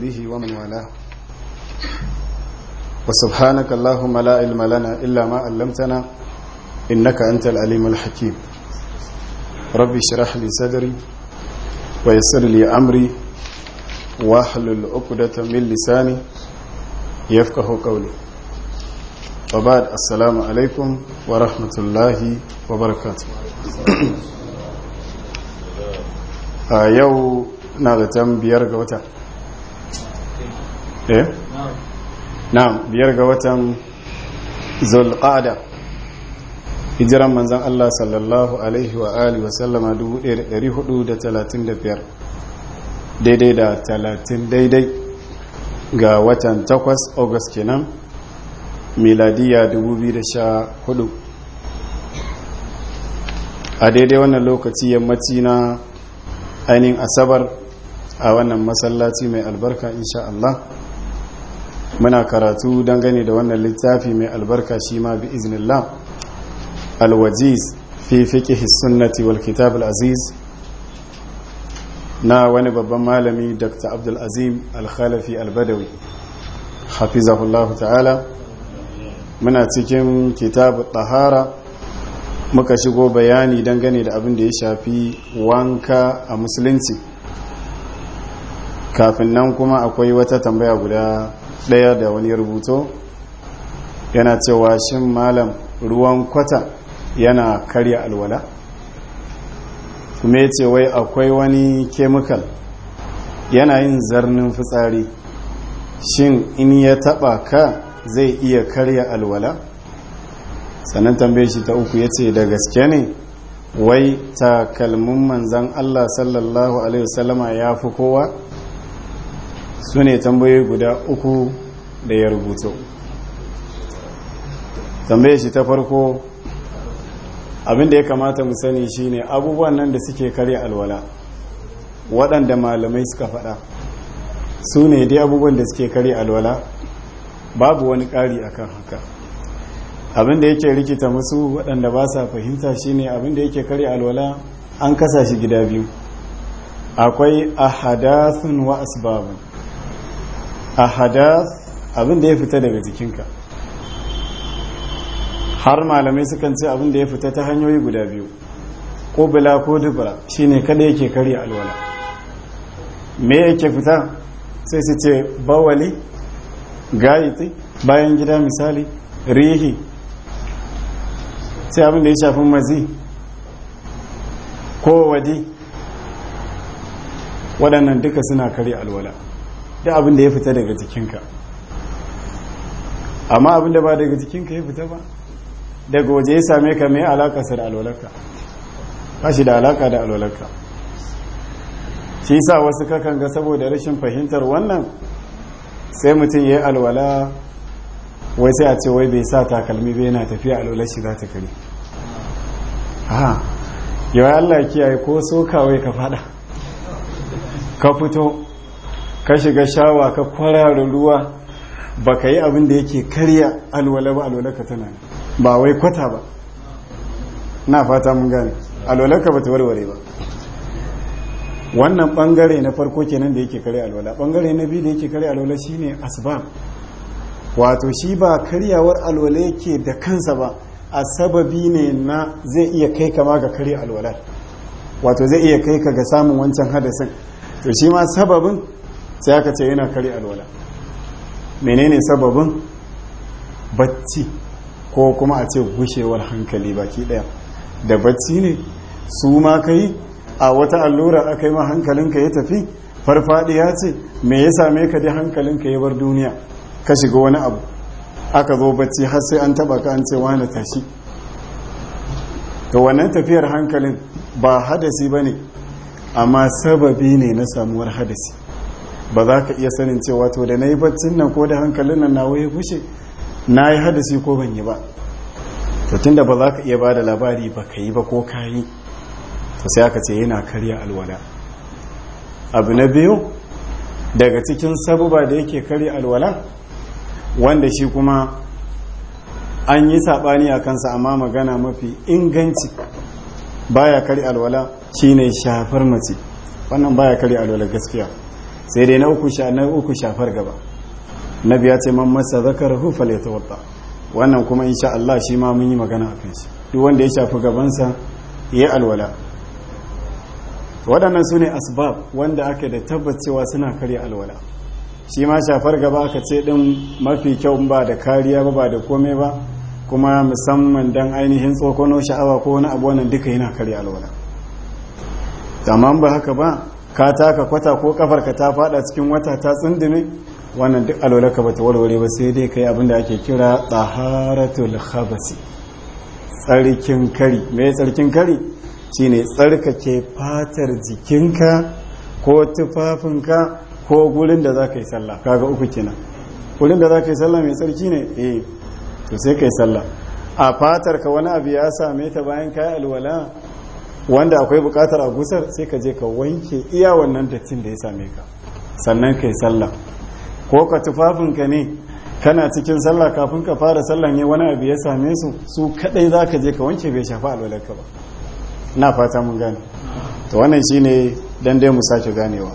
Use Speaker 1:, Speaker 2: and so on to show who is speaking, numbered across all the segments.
Speaker 1: وصحبه ومن والاه وسبحانك اللهم لا علم لنا إلا ما علمتنا إنك أنت العليم الحكيم ربي اشرح لي صدري ويسر لي أمري واحلل عقدة من لساني يفقه قولي وبعد السلام عليكم ورحمة الله وبركاته يو نغتم بيرغوتا Eh? na biyar ga watan zulqada hijiran manzan Allah sallallahu alaihi wa alihi wa sallama 1435 daidai da 30 daidai ga watan 8 august kenan miladiya 2014 a daidai wannan lokaci yammaci na ainihin asabar a wannan masallaci mai albarka insha Allah muna karatu dangane da wannan littafi mai albarka shi ma bi iznillah alwajis fi fiqh sunnati wal kitab al-aziz na wani babban malami dr abdul azim al-khalafi al ta'ala muna cikin kitabu tahara muka shigo bayani dangane da abin da ya shafi wanka a musulunci kafin nan kuma akwai wata tambaya guda ɗaya da wani rubuto yana cewa shin malam ruwan kwata yana karya alwala kuma ya ce wai akwai wani kemikal yana yin zarnin fitsari shin in ya taba ka zai iya karya alwala sannan tambaye shi ta uku ya ce da gaske ne wai takalmin manzan allah sallallahu alaihi wasallama ya fi kowa su ne tambayoyi guda uku da ya rubuto tambaye shi ta farko abinda ya kamata mu sani shine abubuwan nan da suke kare alwala waɗanda malamai suka faɗa su ne dai abubuwan da suke kare alwala babu wani ƙari akan haka abinda yake rikita musu waɗanda ba sa fahimta shine abinda yake kare alwala an kasa shi gida biyu akwai ahadathun wa asbabun a abin da ya fita daga jikinka har malamai sukan ce abin da ya fita ta hanyoyi guda biyu ko Bila ko Dubra shine kada yake karya alwala me yake fita sai su ce bawali gayiti bayan gida misali rihi sai abin da ya shafi mazi ko wadi waɗannan duka suna karya alwala da abin da ya fita daga jikinka amma abin da ba daga jikinka ya fita ba daga waje ya same ka mai alaka sa da alwalarka ba shi da alaka da alwalarka shi sa wasu kakan ga saboda rashin fahimtar wannan sai mutum ya yi alwala wai sai a ce wai bai sa takalmi bai yana tafiya alwalar shi za ta kare ha yawai allah kiyaye ko so kawai ka fada ka fito ka shiga shawa ka kwarara ruwa ba ka yi abin da yake karya alwala ba alwala ka tana ba wai kwata ba na fata mun gane alwala ka ba ta warware ba wannan bangare na farko kenan da yake karya alwala bangare na biyu da yake karya alwala shine asbab wato shi ba karyawar alwala yake da kansa ba a sababi ne na zai iya kai kama ga karya alwala wato zai iya kai ka ga samun wancan hadasin to shi ma sababin sai aka ce yana karya alwala menene sababin bacci ko kuma a ce gushewar hankali baki daya da bacci ne su ma kai a wata allura aka yi ma hankalinka ya tafi farfadiya ce me ya same ka dai hankalinka ya bar duniya ka shiga wani abu aka zo bacci har sai an taba ka an ce wani tashi to wannan tafiyar hankalin ba hadasi ba ne amma sababi ne na samuwar hadasi ba za ka iya sanin cewa to da na yi baccin nan ko da hankalin nan na waye bushe na yi hadasi ko ban yi ba to tun da ba za ka iya ba da labari ba ka yi ba ko ka yi to sai aka ce yana karya alwala abu na biyu daga cikin sabuba da yake karya alwala wanda shi kuma an yi saɓani a kansa amma magana mafi inganci baya karya alwala shine shafar mace wannan baya karya alwala gaskiya sai dai na uku sha na uku shafar gaba nabi ya ce man masa zakar hufal ya tawadda wannan kuma insha Allah shi ma mun yi magana a shi duk wanda ya shafi gabansa ya alwala waɗannan sune asbab wanda ake da tabbacewa suna karya alwala shi ma shafar gaba aka ce din mafi kyau ba da kariya ba ba da komai ba kuma musamman dan ainihin tsokono sha'awa ko wani abu wannan duka yana karya alwala tamam ba haka ba ka taka kwata ko kafarka ta fada cikin wata ta tsindini wannan duk alwalarka bata warware ba sai dai kai abinda ake kira taharatul khabasi tsarkin kari me tsarkin kari shine tsarkake fatar jikinka ko tufafinka ko gurin da zaka yi sallah kaga uku kenan gurin da zaka yi sallah mai tsarki ne eh to sai kai sallah a fatarka wani abu ya same ta bayan kai alwala wanda akwai bukatar a gusar sai ka je ka wanke iya wannan dattin da ya same ka sannan ka yi sallah ko ka tufafinka ne kana cikin sallah kafin ka fara sallah ne wani abu ya same su su kadai za ka je ka wanke bai shafa alwalarka ba na fata mun gane to wannan shine dan dai mu sake ganewa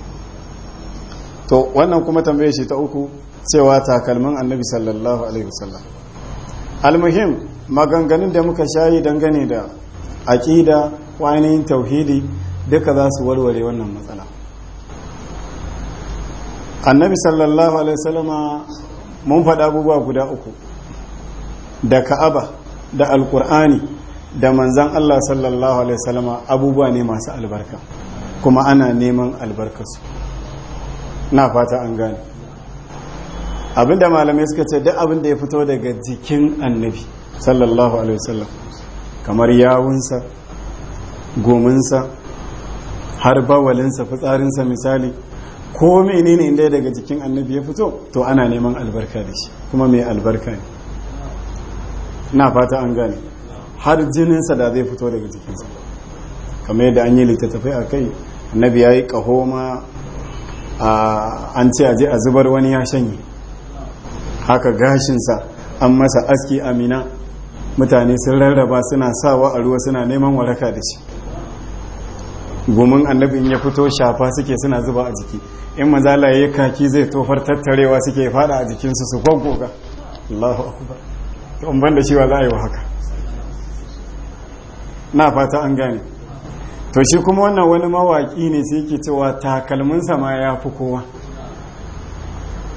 Speaker 1: to wannan kuma tambaye shi ta uku cewa takalmin annabi sallallahu alaihi almuhim maganganun da muka shayi dangane da aƙida ko tauhidi duka za su warware wannan matsala annabi sallallahu alaihi wasallama mun faɗi abubuwa guda uku da ka'aba da alkur'ani da manzan allah sallallahu alaihi wasallama abubuwa ne masu albarka kuma ana neman albarkarsu na fata an gane abinda malamai suka ce duk abinda ya fito daga jikin annabi sallallahu alaihi wasallam kamar yawunsa gominsa har bawalinsa fitsarinsa misali ko menene inda daga jikin annabi ya fito to ana neman albarka da shi kuma mai albarka ne na fata an gane har jininsa da zai fito daga jikinsa kamar yadda an yi littattafai a kai annabi ya yi kahoma ma an ce a je a zubar wani ya shanye haka gashinsa an masa aski amina mutane sun rarraba suna sawa a ruwa suna neman waraka da shi Gomin annabi in ya fito shafa suke suna zuba a jiki in mazala ya kaki zai tofar tattarewa suke fada a jikinsu su gwaggoga Allahu akbar to in za a yi wa haka na fata an gane to shi kuma wannan wani mawaki ne sai yake cewa takalminsa ma ya fi kowa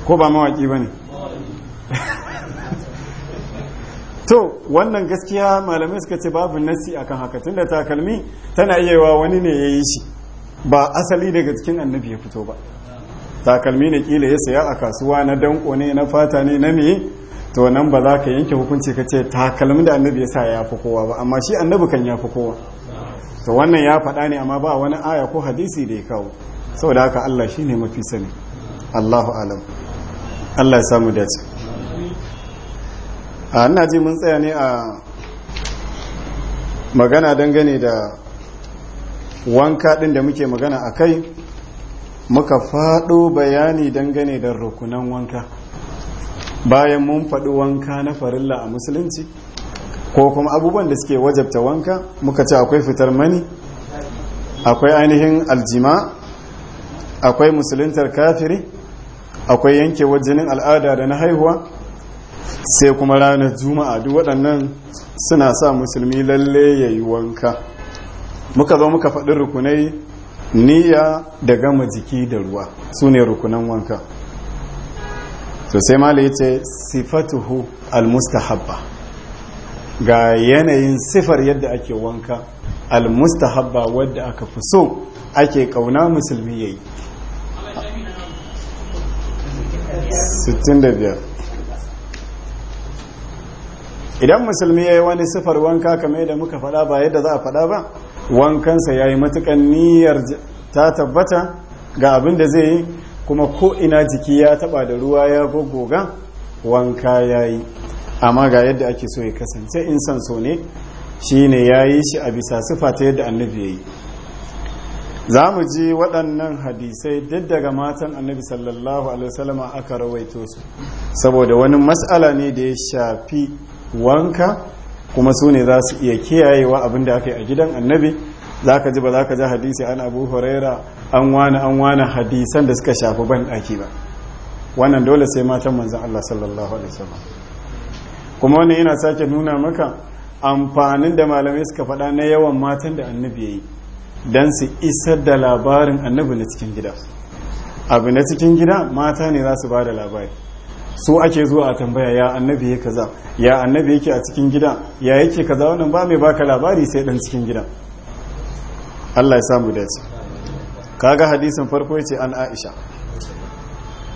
Speaker 1: ko ba mawaki ba ne to wannan gaskiya malamai suka ce babu nasi akan haka da takalmi tana iya wa wani ne ya yi shi ba asali daga cikin annabi ya fito ba takalmi ne kila ya saya a kasuwa na danko ne na fata ne na me to nan ba za ka yanke hukunci ka ce takalmin da annabi ya sa ya fi kowa ba amma shi annabi kan ya fi kowa to wannan ya faɗa ne amma ba wani aya ko hadisi da ya kawo saboda haka Allah shine mafi sani Allahu alam Allah ya samu dace a ina ji mun tsaya ne a magana dangane da wanka ɗin da muke magana a kai muka faɗo bayani dangane da rukunan wanka bayan mun faɗi wanka na farilla a musulunci ko kuma abubuwan da suke wajabta wanka muka ce akwai fitar mani akwai ainihin aljima akwai musuluntar kafiri akwai yanke wajenin al'ada da na haihuwa sai kuma ranar juma'a duk waɗannan suna sa musulmi lalle ya yi wanka muka zo muka faɗi rukunai niyya da gama jiki da ruwa su ne rukunan wanka to sai mala ya ce sifatuhu almustahabba ga yanayin sifar yadda ake wanka almustahabba wadda aka fi so ake kauna musulmi ya yi 65 idan musulmi ya yi wani sifar wanka kamar da muka faɗa ba yadda za a faɗa ba wankansa ya yi matukan niyyar ta tabbata ga abin da zai yi kuma ko ina jiki ya taɓa da ruwa ya goggoga wanka ya yi amma ga yadda ake so ya kasance in san so ne shi ne ya yi shi a bisa sifa ta yadda annabi ya yi za mu ji waɗannan hadisai duk daga matan annabi sallallahu alaihi wasallama aka rawaito su saboda wani matsala ne da ya shafi wanka kuma su ne za su iya kiyayewa abin da aka yi a gidan annabi za ka ji ba za ka ji hadisi an abu huraira an wani an wani hadisan da suka shafi ban ɗaki ba wannan dole sai matan manzan Allah sallallahu alaihi wasallam kuma wannan yana sake nuna maka amfanin da malamai suka faɗa na yawan matan da annabi ya yi don su isar da labarin annabi na cikin gida abu na cikin gida mata ne za su ba da labari su ake zuwa a tambaya ya annabi ya kaza ya annabi yake a cikin gida ya yake kaza wannan ba mai baka labari sai dan cikin gida Allah ya samu dace kaga hadisin farko yace an Aisha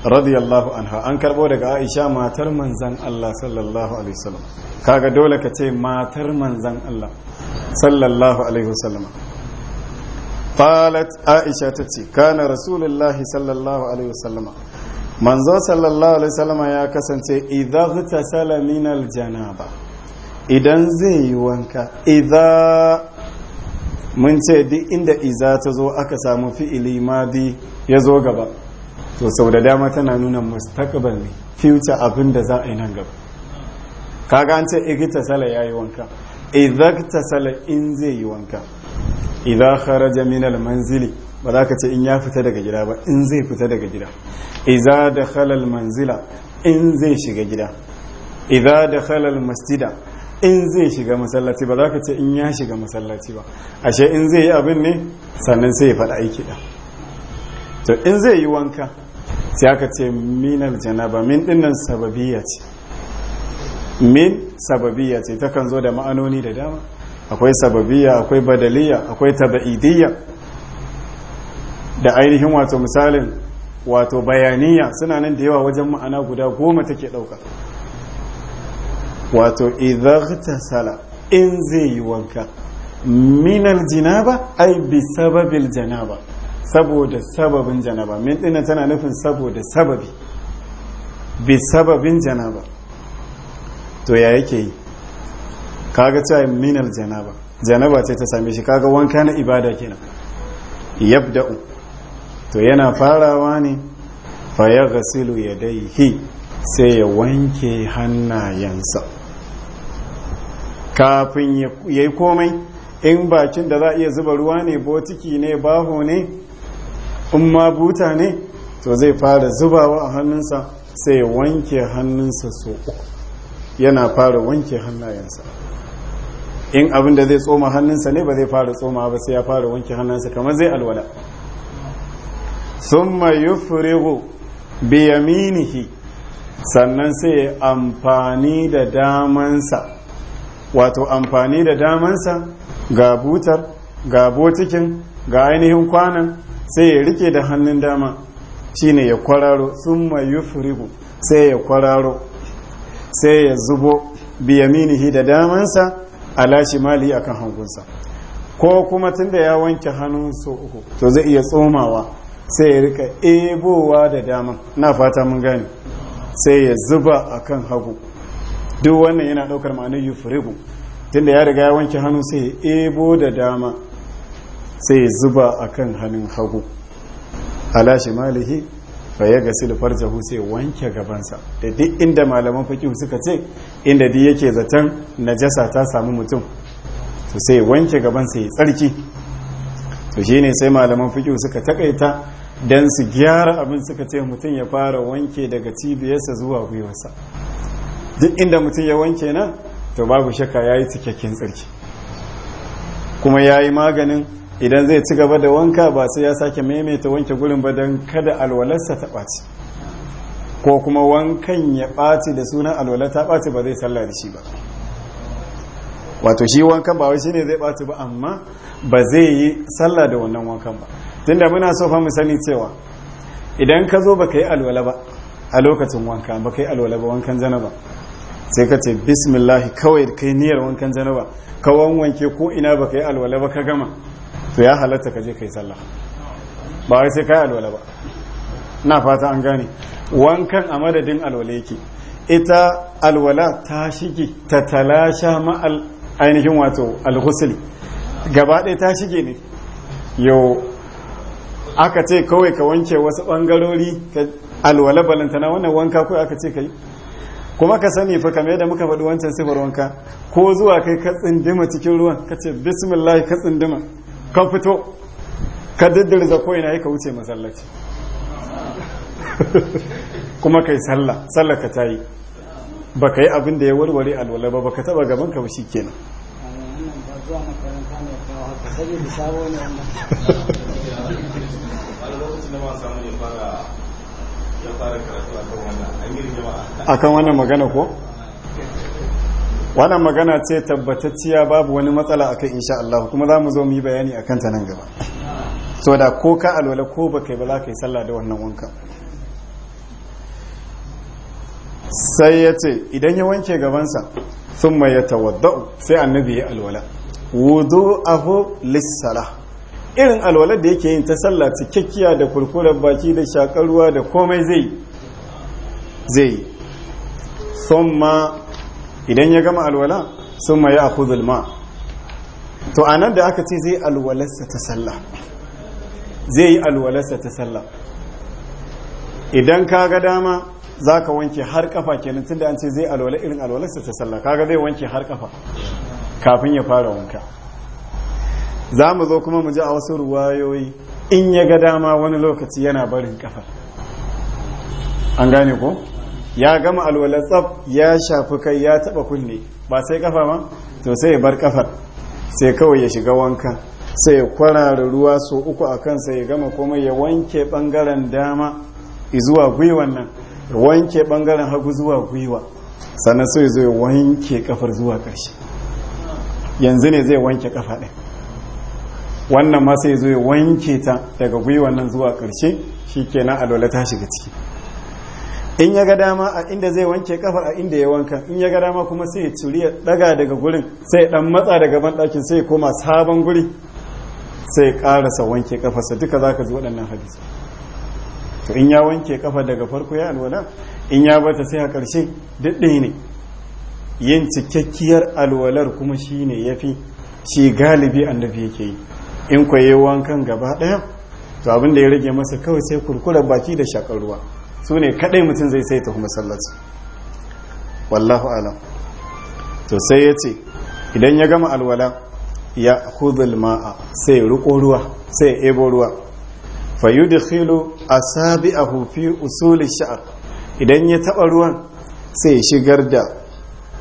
Speaker 1: radiyallahu anha an karbo daga Aisha matar manzan Allah sallallahu alaihi wasallam kaga dole ka ce matar manzan Allah sallallahu alaihi wasallam قالت عائشة تتي كان رسول الله صلى الله عليه وسلم manzo sallallahu alaihi wasallama ya kasance idan tasala salamin aljanaba idan zai yi wanka idan mun ce duk inda iza ta zo aka samu fi'ili madi ya zo gaba to sau da dama tana nuna mustaqbal ne future abin da za a yi nan gaba kaga an ce ya yayi wanka idan tasala in zai yi wanka idan kharaja min almanzili manzili ba za ka ce in ya fita daga gida ba in zai fita daga gida iza da halal manzila in zai shiga gida iza da halal masjida in zai shiga masallaci ba za ka ce in ya shiga masallaci ba ashe in zai yi abin ne sannan sai ya faɗa aiki da to in zai yi wanka sai aka ce minal janaba min dinnan sababiyya ce min sababiyya ce takan zo da ma'anoni da dama akwai sababiyya akwai badaliyya akwai taba'idiyya da ainihin wato misalin wato bayaniya suna nan da yawa wajen ma'ana guda goma take ɗauka wato ta sala in zai yi wanka minal janaba ai bi sababil janaba saboda sababin janaba min ɗina tana nufin saboda sababi bi sababin janaba to ya yake yi kaga cewa minal janaba janaba ce ta same shi kaga wanka na ibada kenan yabda'u to yana farawa ne fa ya gasilu ya daihi sai ya wanke hannayensa kafin ya yi komai in bakin da za a iya zuba ruwa ne botiki ne baho ne in ma buta ne to zai fara zubawa a hannunsa sai ya wanke hannunsa so yana fara wanke hannayensa in abin da zai tsoma hannunsa ne ba zai fara tsoma ba sai ya fara wanke hannunsa kamar zai alwala summa yufrigu bi sannan sai ya amfani da damansa wato amfani da damansa ga butar ga botikin ga ainihin kwanan sai ya rike da hannun dama shine ya kwararo summa yufrigu sai ya kwararo sai ya zubo biyaminihi da damansa ala shimali akan hangunsa ko kuma tunda ya wanke hannun so uku to zai iya tsomawa sai ya rika ebowa da dama na fata mun gane sai ya zuba akan hagu duk wannan yana daukar ma'anar yufurigu tunda ya riga ya wanke hannu sai ya ebo da dama sai ya zuba akan hannun hagu ala malihi fa ya gasi da farjahu sai wanke gabansa da duk inda malaman faƙi suka ce inda duk yake zaton najasa ta samu mutum to sai wanke gabansa ya tsarki to shine sai malaman fiqh suka takaita don su gyara abin suka ce mutum ya fara wanke daga cibiyarsa zuwa gwiwarsa duk inda mutum ya wanke nan to babu shakka ya yi cikakken tsarki kuma ya yi maganin idan zai ci gaba da wanka ba sai ya sake maimaita wanke gurin ba don kada alwalarsa ta ɓaci ko kuma wankan ya ɓaci da sunan alwala ta ɓaci ba zai sallah da shi ba wato shi wankan ba wai shine zai ɓaci ba amma ba zai yi sallah da wannan wankan ba tunda muna so fa mu sani cewa idan ka zo baka yi alwala ba a lokacin wanka baka yi alwala ba wankan janaba sai ka ce bismillah kawai kai niyyar wankan janaba ka wanwanke ko ina baka yi alwala ba ka gama to ya halatta ka je kai sallah ba wai sai kai alwala ba na fata an gane wankan a madadin alwala yake ita alwala ta shige ta talasha ma ainihin wato alghusl gaba ɗaya ta shige ne yau aka ce kawai ka wanke wasu bangarori ka alwala balantana wannan wanka kawai aka ce ka yi kuma ka sani fa kamar yadda muka faɗi wancan sifar wanka ko zuwa kai ka tsindima cikin ruwan ka ce bismillah ka tsindima ka fito ka diddirza ko ina ka wuce masallaci kuma kai sallah sallah ka tayi baka yi abin da ya warware alwala ba ka taba gaban ka ba shikenan zuwa makaranta wannan akan wannan magana ko wannan magana ce tabbatacciya babu wani matsala akan insha Allah kuma za mu zo mu yi bayani akan ta nan gaba da ko ka alwala ko baka kai ba za ka yi sallah da wannan wanka? sai ya ce idan ya wanke gabansa sun mai ya tawadda'u sai annabi ya alwala Wudu ahu lissala irin alwalar da yake yin ta sallah cikakkiya da kurkurar baki da shakar da komai zai zai ma idan ya gama alwala sun ma ya ku ma to nan da aka ce zai alwalarsa ta sallah zai yi alwalarsa ta sallah idan ka ga dama za ka wanke har kafa kenan tunda an ce zai alwala irin alwalarsa ta sallah kaga zai wanke har kafa kafin ya fara wanka za mu zo kuma mu ji a wasu ruwayoyi in ya ga dama wani lokaci yana barin kafar an gane ko ya gama alwalatsaf ya shafi kai ya taba kunne ba sai kafa ba to sai ya bar kafar sai kawai ya shiga wanka sai ya kwarara ruwa so uku a kansa ya gama komai ya wanke bangaren dama zuwa gwiwan nan wanke bangaren hagu zuwa gwiwa sannan sai zo ya wanke kafar zuwa ƙarshe yanzu ne zai wanke kafa ɗin wannan ma sai zo wanke ta daga gwiwan nan zuwa ƙarshe shi kenan dole ta shiga ciki in ya ga dama a inda zai wanke kafa a inda ya wanka in ya ga dama kuma sai ya ɗaga ya daga daga gurin sai dan matsa daga banɗakin sai ya koma sabon guri sai ya ƙarasa wanke kafarsa duka za ka zo waɗannan hadisi to in ya wanke kafa daga farko ya alwala in ya bata sai a ƙarshe duk ne yin cikakkiyar alwalar kuma shine fi shi galibi annabi yake yi in kwaye wankan gaba ɗaya to abin da ya rage masa kawai sai kurkurar baki da shakar ruwa su ne kaɗai mutum zai sai ta kuma sallata wallahu alam to sai ya ce idan ya gama alwala ya hudul ma'a sai riko ruwa sai ebo ruwa a sabi a hufi usuli sha'ar idan ya taɓa ruwan sai shigar da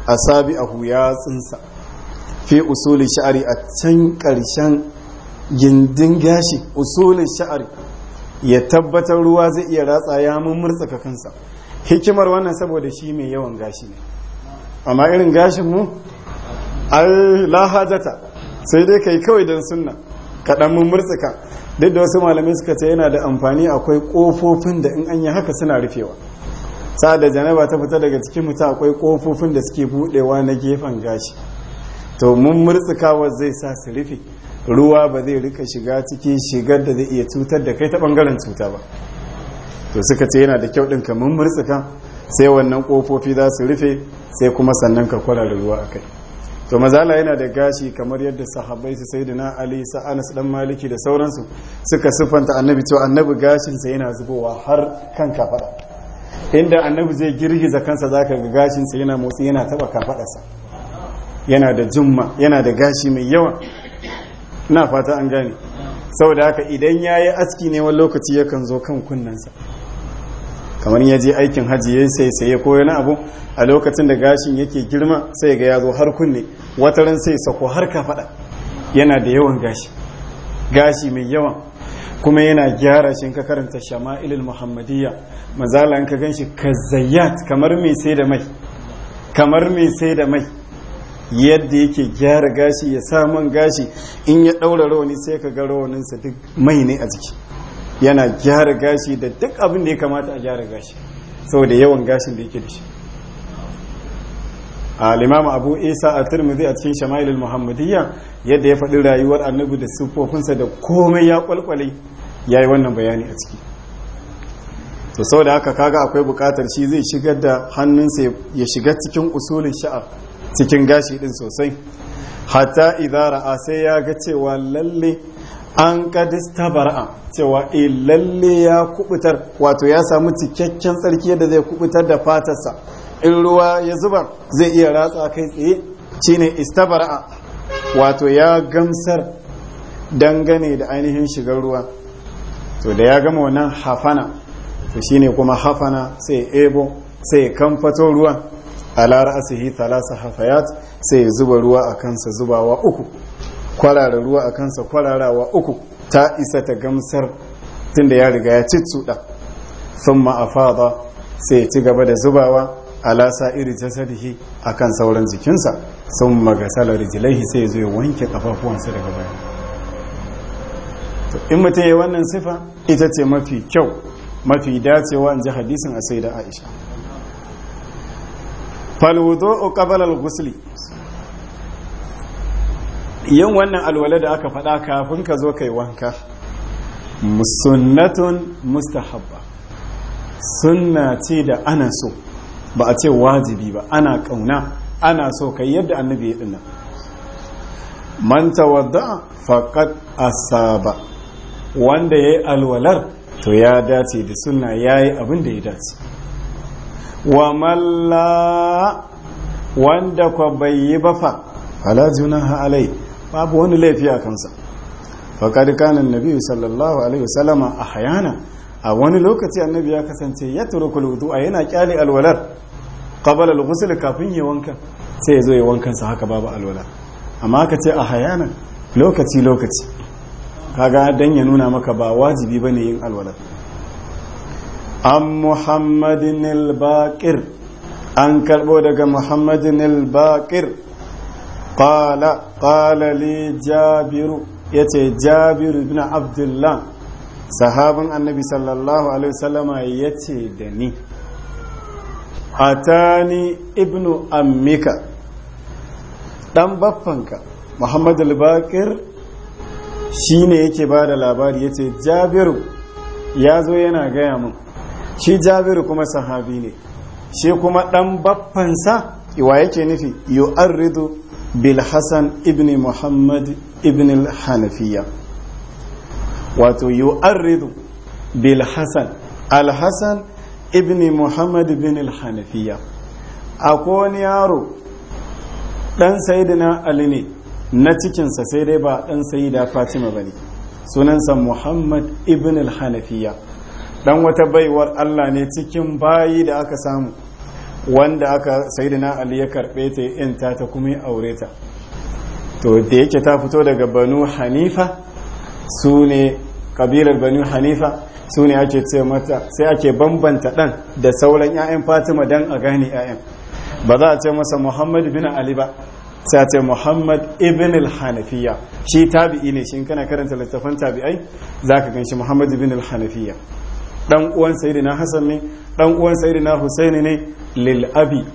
Speaker 1: a sabi a huya tsinsa fi usulin sha'ari a can ƙarshen gindin gashi usulin sha'ari ya tabbatar ruwa zai iya ratsa ya mummurtsaka kansa hikimar wannan saboda shi mai yawan gashi ne amma irin gashin mu ai lahajata sai dai kai kawai don sunna kaɗan mummurtsaka duk da wasu malamai suka ce yana da amfani akwai ƙofofin da in an yi haka suna rufewa sa da janaba ta fita daga cikin mutum akwai kofofin da suke budewa na gefen gashi to mun murtsukawa zai sa su rufe ruwa ba zai rika shiga cikin shigar da zai iya cutar da kai ta bangaren cuta ba to suka ce yana da kyau din ka mun murtsuka sai wannan kofofi za su rufe sai kuma sannan ka da ruwa a to mazala yana da gashi kamar yadda sahabbai su sayyidina ali sa anas dan maliki da sauransu suka siffanta annabi to annabi gashin sa yana zubowa har kan kafada inda annabi zai girgiza kansa ka ga gashinsa yana motsi yana taba kafadarsa yana da jumma yana da gashi mai yawa na fata an gane saboda haka idan ya yi aski ne wani lokaci yakan zo kan kunnensa kamar ya je aikin hajji ya sai saye ko wani abu a lokacin da gashin yake girma sai ga ya har kunne wataran sai sako har kafada yana da yawan gashi gashi mai yawan kuma yana gyara shi ka karanta shama'ilul muhammadiyya mazala in ka ganshi kazayyat kamar mai sai da mai kamar mai sai da mai yadda yake gyara gashi ya sa man gashi in ya ɗaura rawani sai ka ga rawanin sa duk mai ne a jiki yana gyara gashi da duk abin da ya kamata a gyara gashi saboda yawan gashin da yake da shi al-imam abu isa a tirmidhi a cikin shama'ilul muhammadiyya yadda ya faɗi rayuwar annabi da siffofinsa da komai ya kwalkwale yi wannan bayani a ciki to da haka kaga akwai buƙatar shi zai shigar da hannunsa ya shiga cikin usulin sha'a cikin gashi ɗin sosai hatta idara sai ya ga cewa lalle an kadista bara'a cewa e lalle ya kubutar wato ya samu cikakken tsarki yadda zai kubutar da fatarsa in ruwa ya zuba zai iya ratsa kai tsaye shine istabara wato ya gamsar dangane da ainihin shigar ruwa to da ya gama wannan hafana to shine kuma hafana sai ebo sai kamfato ruwan ala ra'asihi thalasa hafayat sai zuba ruwa a kansa zubawa uku kwarara ruwa a kansa kwararawa uku ta isa ta gamsar tunda ya riga ya ciccuda sun ma'afada sai ci gaba da zubawa ala sa'iri jasadihi akan sauran jikinsa sun magasala rijilaihi sai zo ya wanke kafafuwansa daga baya to in mutum ya wannan sifa ita ce mafi kyau mafi dacewa in ji hadisin a da aisha Falwudo, qabla al-ghusl yin wannan alwala da aka faɗa kafin ka zo kai wanka sunnatun mustahabba sunna ce da ana so ba a ce wajibi ba ana kauna ana so kai yadda annabi ya dinna man tawadda faqat asaba wanda yayi alwalar to ya dace da sunna yayi abin da ya dace wa malla wanda kwa bai yi ba fa ala junaha alai babu wani laifi a kansa faqad kana annabi sallallahu alaihi wasallama ahyana a wani lokaci annabi ya kasance ya turo kulwudu a yana kyale alwalar qabala al kafin ya wanka sai ya zo ya wankan sa haka babu alwala amma ka ce a hayana lokaci lokaci kaga dan ya nuna maka ba wajibi bane yin alwala an muhammadin al-baqir an karbo daga muhammadin al-baqir qala qala li jabiru yace jabiru ibn abdullah sahabin annabi sallallahu alaihi wasallama ya ce da ni atani ibnu Amika dan baffanka muhammad al-bakir shi ne yake ba da labari ya ce jabiru ya zo yana gaya mun shi jabiru kuma sahabi ne shi kuma dan baffansa wa yake nufi yu'arridu bil hasan ibn muhammad ibn al-hanafiya wato yu'arridu bil hasan al hasan ibn muhammad bin al hanafiya ko wani yaro dan sayyidina ali ne na cikinsa sai dai ba dan sayyida fatima ba ne. sunansa muhammad ibn al hanafiya dan wata baiwar allah ne cikin bayi da aka samu wanda aka na ali ya karbe ta yi ta kuma aure ta to da yake ta fito daga banu hanifa su ne kabilar banu hanifa su ne ake ce mata sai ake bambanta dan da sauran 'ya'yan fatima dan a gani 'ya'yan ba za a ce masa muhammad bin ali ba sai a ce muhammad ibn al-hanafiya shi tabi'i ne shi kana karanta littafan tabi'ai za ka gan shi muhammad ibn al-hanafiya dan uwan sayyidina hasan ne dan uwan sayyidina husaini ne lil abi